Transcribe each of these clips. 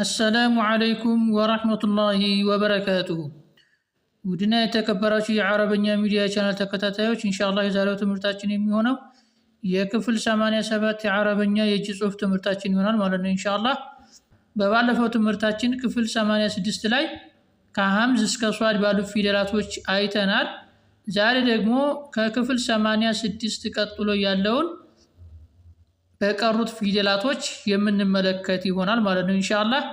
አሰላሙ አለይኩም ወራህመቱላሂ ወበረካቱሁ። ውድና የተከበራችሁ የአረበኛ ሚዲያ ቻናል ተከታታዮች እንሻላ የዛሬው ትምህርታችን የሚሆነው የክፍል 87 የአረበኛ የእጅ ጽሑፍ ትምህርታችን ይሆናል ማለት ነው እንሻላ በባለፈው ትምህርታችን ክፍል 86 ላይ ከሀምዝ እስከ ሷድ ባሉ ፊደላቶች አይተናል። ዛሬ ደግሞ ከክፍል 86 ቀጥሎ ያለውን በቀሩት ፊደላቶች የምንመለከት ይሆናል ማለት ነው ኢንሻአላህ።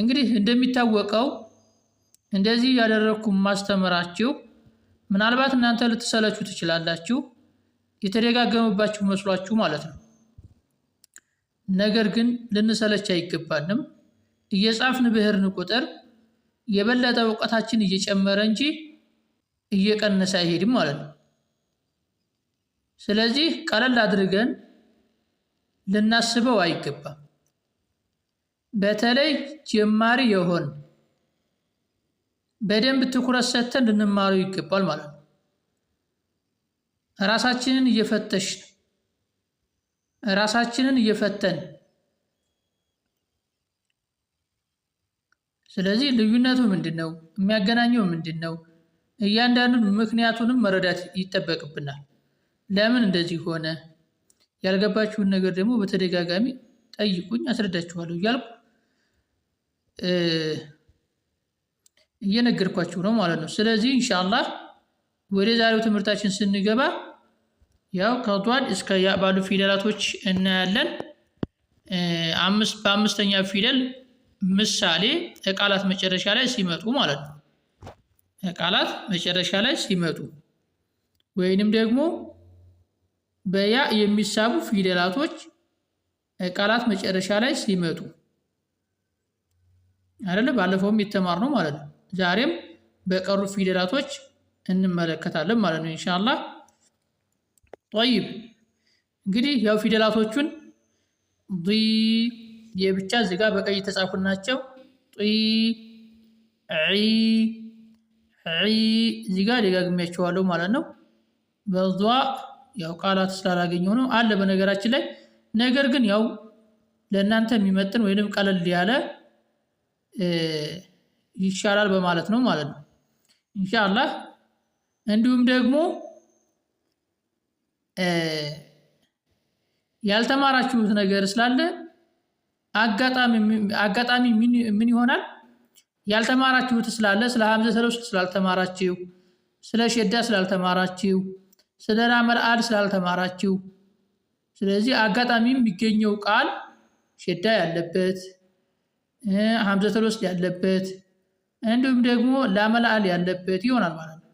እንግዲህ እንደሚታወቀው እንደዚህ ያደረግኩ ማስተምራችሁ ምናልባት እናንተ ልትሰለቹ ትችላላችሁ፣ የተደጋገመባችሁ መስሏችሁ ማለት ነው። ነገር ግን ልንሰለች አይገባንም። እየጻፍን ብህርን ቁጥር የበለጠ እውቀታችን እየጨመረ እንጂ እየቀነሰ አይሄድም ማለት ነው። ስለዚህ ቀለል አድርገን ልናስበው አይገባም። በተለይ ጀማሪ የሆን በደንብ ትኩረት ሰጥተን ልንማረው ይገባል ማለት ነው። ራሳችንን እየፈተሽ ራሳችንን እየፈተን ስለዚህ ልዩነቱ ምንድን ነው? የሚያገናኘው ምንድን ነው? እያንዳንዱን ምክንያቱንም መረዳት ይጠበቅብናል። ለምን እንደዚህ ሆነ? ያልገባችሁን ነገር ደግሞ በተደጋጋሚ ጠይቁኝ፣ አስረዳችኋለሁ እያልኩ እየነገርኳችሁ ነው ማለት ነው። ስለዚህ ኢንሻአላህ ወደ ዛሬው ትምህርታችን ስንገባ ያው ከጧድ እስከ ያ ባሉ ፊደላቶች እናያለን። በአምስተኛ ፊደል ምሳሌ ቃላት መጨረሻ ላይ ሲመጡ ማለት ነው። ቃላት መጨረሻ ላይ ሲመጡ ወይንም ደግሞ በያ የሚሳቡ ፊደላቶች ቃላት መጨረሻ ላይ ሲመጡ አይደለ? ባለፈውም የተማርነው ማለት ነው። ዛሬም በቀሩ ፊደላቶች እንመለከታለን ማለት ነው ኢንሻአላ። ጠይብ እንግዲህ ያው ፊደላቶቹን የብቻ ዝጋ በቀይ የተጻፉ ናቸው። ዚጋ ጋር ደጋግሜያቸዋለሁ ማለት ነው በዟ ያው ቃላት ስላላገኘ ነው አለ በነገራችን ላይ። ነገር ግን ያው ለእናንተ የሚመጥን ወይንም ቀለል ያለ ይሻላል በማለት ነው ማለት ነው እንሻላ እንዲሁም ደግሞ ያልተማራችሁት ነገር ስላለ አጋጣሚ ምን ይሆናል? ያልተማራችሁት ስላለ ስለ ሀምዘ ስላልተማራችሁ፣ ስለ ሸዳ ስላልተማራችሁ ስለ ላመልአድ ስላልተማራችሁ። ስለዚህ አጋጣሚ የሚገኘው ቃል ሸዳ ያለበት ሀምዘተል ወስድ ያለበት እንዲሁም ደግሞ ላመልአል ያለበት ይሆናል ማለት ነው።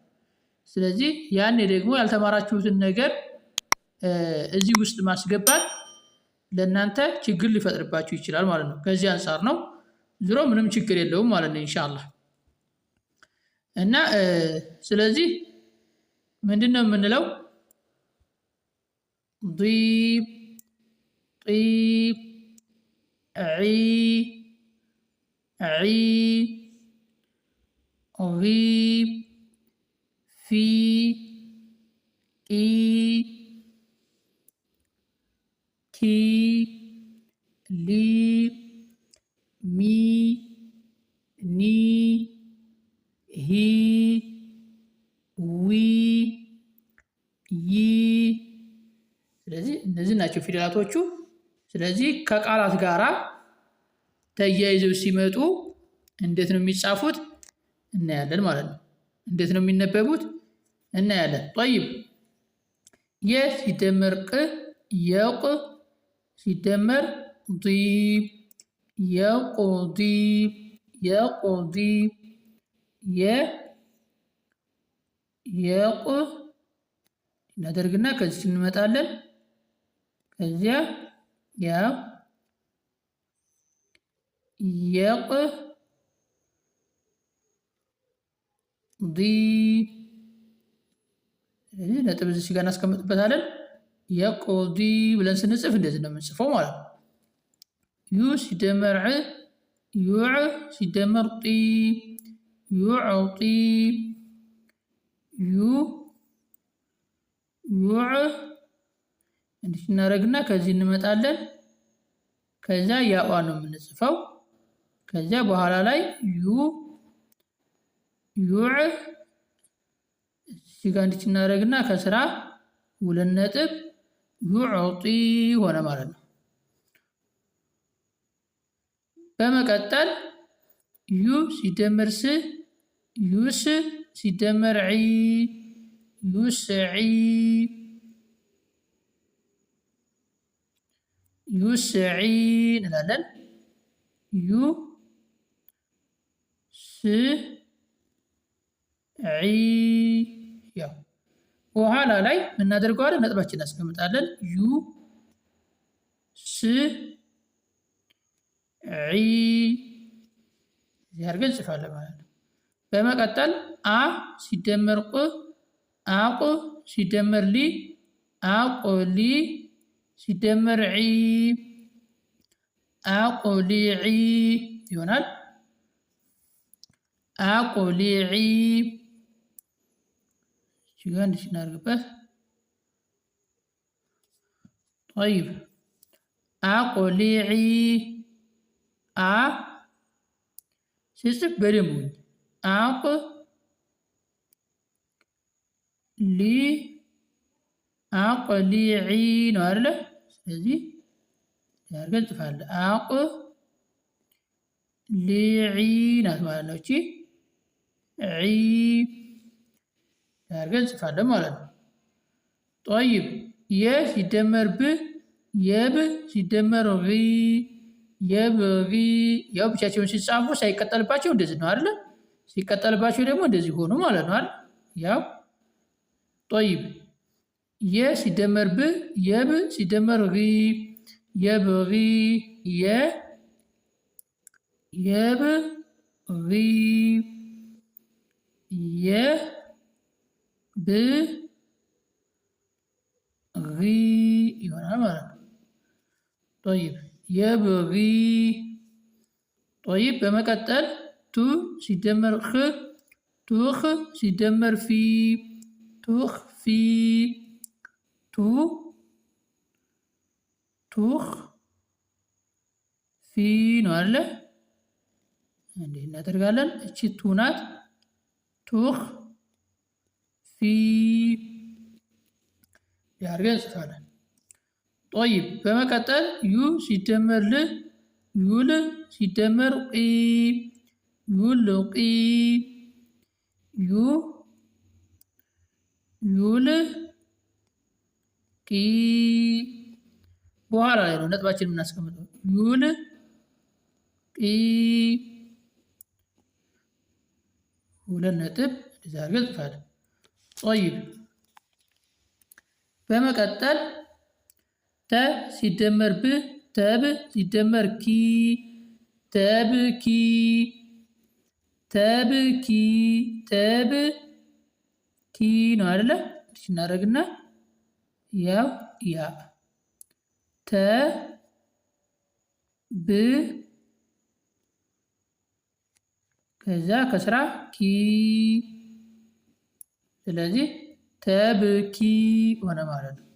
ስለዚህ ያኔ ደግሞ ያልተማራችሁትን ነገር እዚህ ውስጥ ማስገባት ለእናንተ ችግር ሊፈጥርባችሁ ይችላል ማለት ነው። ከዚህ አንጻር ነው። ዝሮ ምንም ችግር የለውም ማለት ነው ኢንሻአላህ እና ስለዚህ ምንድን ነው የምንለው? ዲብ ጢብ ዒ ዒ ሪብ ፊ ቂ ኪ ሊ ሚ ኒ ሂ ዊ ይ። ስለዚህ እነዚህ ናቸው ፊደላቶቹ። ስለዚህ ከቃላት ጋራ ተያይዘው ሲመጡ እንዴት ነው የሚጻፉት እናያለን ማለት ነው። እንዴት ነው የሚነበቡት እናያለን። ጠይብ የ ሲደመር ቅ የቅ ሲደመር ዲ የቁዲ የቁዲ የ የቆ እናደርግና ከዚህ እንመጣለን። ከዚያ ያ የቆ ዲ ስለዚህ ነጥብ እዚህ ጋር እናስቀምጥበታለን። የቆዲ ብለን ስንጽፍ እንደዚህ ነው የምንጽፈው ማለት ነው። ዩ ሲደመር ዕ ዩዕ ሲደመር ጢ ጢ ዩ ዩዕ እንዲህ እናደርግና ከዚህ እንመጣለን። ከዚያ ያዋ ነው የምንጽፈው። ከዚያ በኋላ ላይ ዩ ዩዕ እዚህ እንዲህ እናደርግና ከስራ ሁለት ነጥብ ዩዕጢ ሆነ ማለት ነው። በመቀጠል ዩ ሲደመር ዩስ ሲደመር ዒ ዩስዒ ዩስዒ እንላለን። ዩ ስ ዒ ያው በኋላ ላይ የምናደርገዋለን ነጥባችን እናስቀምጣለን። ዩ ስ ዒ እዚህ አድርገን እንጽፋለን ማለት ነው። Bama katal A si demer ku A ku si li A ku li Si demer i A ku li i Yonal A ku li i di disinar kepa Taib A ku li i A sisip berimu berimu आप ሊ አቅሊዒ ነው አይደለ? ስለዚህ ያርገን እንጽፋለን። አቅ ሊዒ ናት ማለት ነው። እቺ ዒ ያርገን እንጽፋለን ማለት ነው። ጦይብ የ ሲደመር ብ የብ ሲደመር የብ የብ ያው ብቻቸውን ሲጻፉ ሳይቀጠልባቸው እንደዚህ ነው አይደለ? ሲቀጠልባቸው ደግሞ እንደዚህ ሆኑ ማለት ነው። ያው ጦይብ የ ሲደመር ብ የብ ሲደመር ሪ የ የብ የብ ይሆናል ማለት ነው። ጦይብ የብሪ ጦይብ በመቀጠል ቱ ሲደመር ህ ቱህ ሲደመር ፊ ቱህ ፊ ቱ ቱህ ፊ ነው አለ። እንዲህ እናደርጋለን። እቺ ቱ ናት። ቱህ ፊ ያርገን እንጽፋለን። ጦይብ በመቀጠል ዩ ሲደመር ል ዩል ሲደመር ቂ ዩልቂ ዩ ዩል ቂ በኋላ ላይ ነው ነጥባችን የምናስቀምጠው። ዩል ቂ ሁለት ነጥብ እንደዚህ ጽፋል። ጦይብ በመቀጠል ተ ሲደመር ብ ተብ ሲደመር ኪ ተብ ኪ ተብኪ ተብኪ ነው አይደለ? እንዲህ እናደርግና ያው ያ ተ ብ ከዛ ከስራ ኪ ስለዚህ ተብኪ ሆነ ማለት ነው።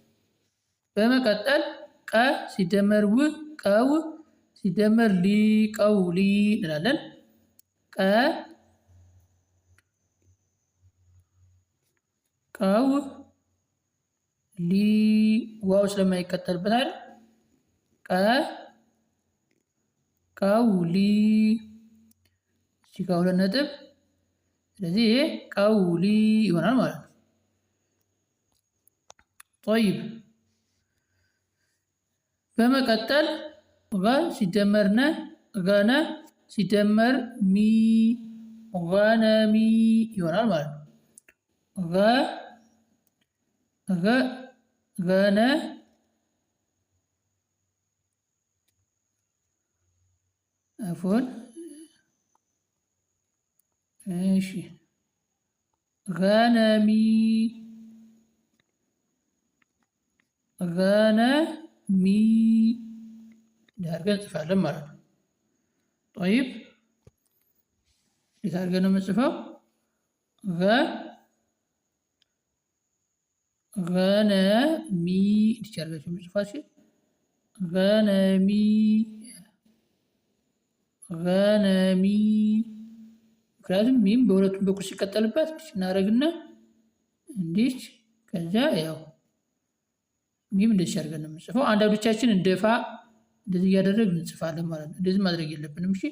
በመቀጠል ቀ ሲደመር ው ቀው ሲደመር ሊ ቀውሊ እንላለን። ቀ ቀው ሊ ዋው ስለማይቀጠልበት አይደል? ቀ ቀውሊ እዚህ ጋር ሁለት ነጥብ። ስለዚህ ይሄ ቀውሊ ይሆናል ማለት ነው። ጦይብ በመቀጠል ጋ ሲደመርነ ገነ ሲደመር ሚ ገነሚ ይሆናል ማለት ነው። غ غنى عفوا ماشي غنمي غنمي دهرجان تفعل مرة طيب دهرجان مصفى غ ገነሚ እንዲቻርጋቸው መጽፋችሁ ገነሚ ገነሚ። ምክንያቱም ሚም በሁለቱም በኩል ሲቀጠልባት እንዲች እናደርግና እንዲች ከዛ ያው ሚም እንደዚህ አድርገን ነው የምንጽፈው። አንዳንዶቻችን እንደፋ እንደዚህ እያደረግን እንጽፋለን ማለት ነው። እንደዚህ ማድረግ የለብንም። እሺ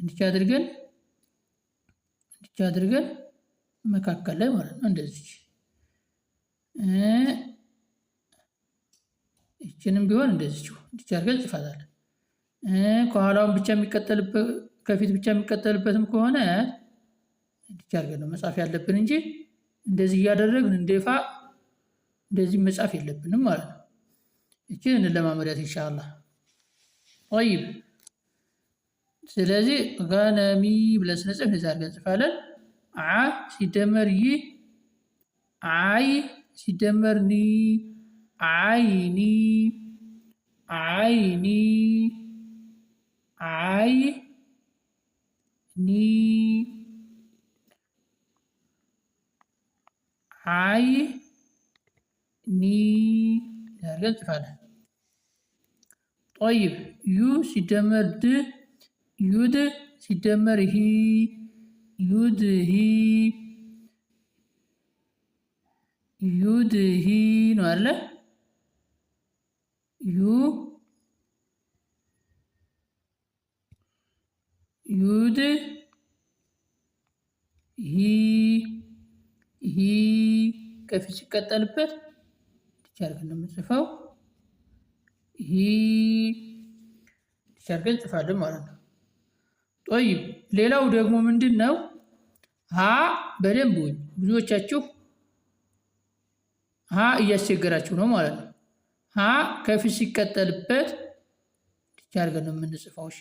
እንዲች አድርገን እንዲች አድርገን መካከል ላይ ማለት ነው እንደዚህ ይችንም ቢሆን እንደዚችው እንዲች አድርገን ጽፋታለን። ከኋላውን ብቻ የሚቀጠልበት ከፊት ብቻ የሚቀጠልበትም ከሆነ እንዲች አድርገን ነው መጻፍ ያለብን እንጂ እንደዚህ እያደረግን እንደፋ እንደዚህ መጻፍ የለብንም ማለት ነው። ይችን እንለማመዳት ኢንሻአላህ። ጠይብ ስለዚህ ጋነሚ ብለን ስንጽፍ እንደዚህ አድርገን ጽፋለን። አ ሲደመር ይ አይ ሲደመር ኒ አይኒ አይኒ አይ ኒ አይ ኒ ያለን ጽፋለን። ጦይብ ዩ ሲደመር ድ ዩድ ሲደመር ሂ ዩድ ሂ ዩድሂ ነው አለ ዩ ዩድ ሂ ሂ ከፊት ሲቀጠልበት ዲቻርግን ነው የምጽፈው። ሂ ዲቻርግን ጽፋለን ማለት ነው። ጦይም ሌላው ደግሞ ምንድን ነው? ሀ በደንብ ብዙዎቻችሁ ሀ እያስቸገራችሁ ነው ማለት ነው። ሀ ከፊት ሲቀጠልበት እንዲች አድርገን ነው የምንጽፈው። እሺ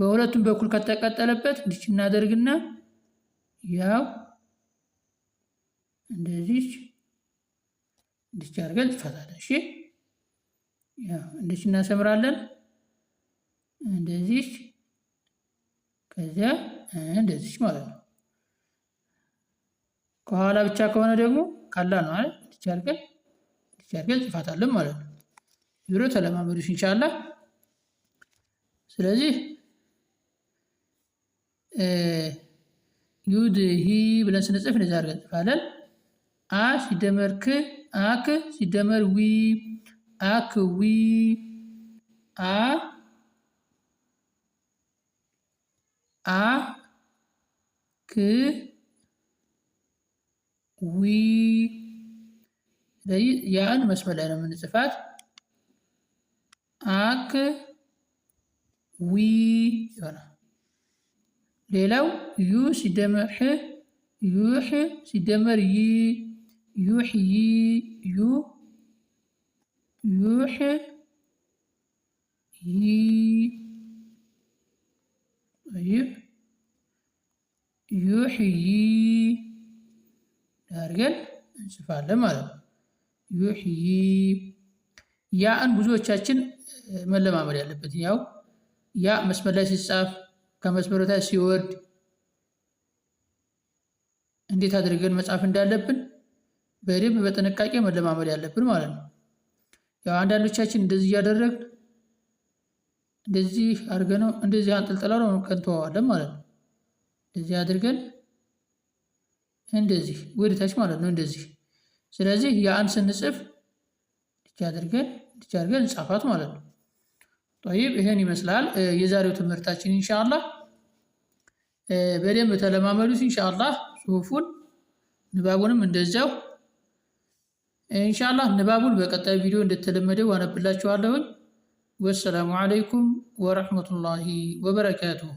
በሁለቱም በኩል ከተቀጠለበት እንዲች እናደርግና ያው እንደዚች እንዲች አድርገን ጽፈታለን። እሺ ያው እንዲች እናሰምራለን። እንደዚች ከዚያ እንደዚች ማለት ነው። ከኋላ ብቻ ከሆነ ደግሞ ካላ ነው አይደል? ብቻ አድርገን ብቻ አድርገን ጽፋታለን ማለት ነው። ቢሮ ተለማመዱሽ ኢንሻአላህ። ስለዚህ ዩድ ሂ ብለን ስንጽፍ እንደዛ አድርገን ጽፋለን። አ ሲደመር ክ አክ ሲደመር ዊ አክ ዊ አ አ ክ ዊ ስለዚህ ያን መስመር ላይ ነው የምንጽፋት። አክ ዊ ይሆናል። ሌላው ዩ ሲደመር ሕ ዩሕ ሲደመር ይ ዩሕ ይ ዩ ዩሕ ይ ዩሕ ይ አድርገን እንጽፋለን ማለት ነው። ዩሕይ ያእን ብዙዎቻችን መለማመድ ያለበት ያው ያ መስመር ላይ ሲጻፍ ከመስመሩ ታች ሲወርድ እንዴት አድርገን መጻፍ እንዳለብን በደንብ በጥንቃቄ መለማመድ ያለብን ማለት ነው። ያው አንዳንዶቻችን እንደዚህ እያደረግን እንደዚህ አድርገነው እንደዚህ አንጠልጥላ ነው ቀንተዋዋለን ማለት ነው። እንደዚህ አድርገን እንደዚህ ወደታች ማለት ነው እንደዚህ ስለዚህ ያን ስንጽፍ ልጅ አድርገን እንጻፋት ማለት ነው። ጠይብ ይሄን ይመስላል የዛሬው ትምህርታችን ኢንሻአላህ። በደንብ ተለማመዱት ኢንሻአላህ። ጽሁፉን ንባቡንም እንደዚያው ኢንሻአላህ። ንባቡን በቀጣይ ቪዲዮ እንደተለመደው አነብላችኋለሁኝ። ወሰላሙ አለይኩም ወረህመቱላሂ ወበረካቱሁ።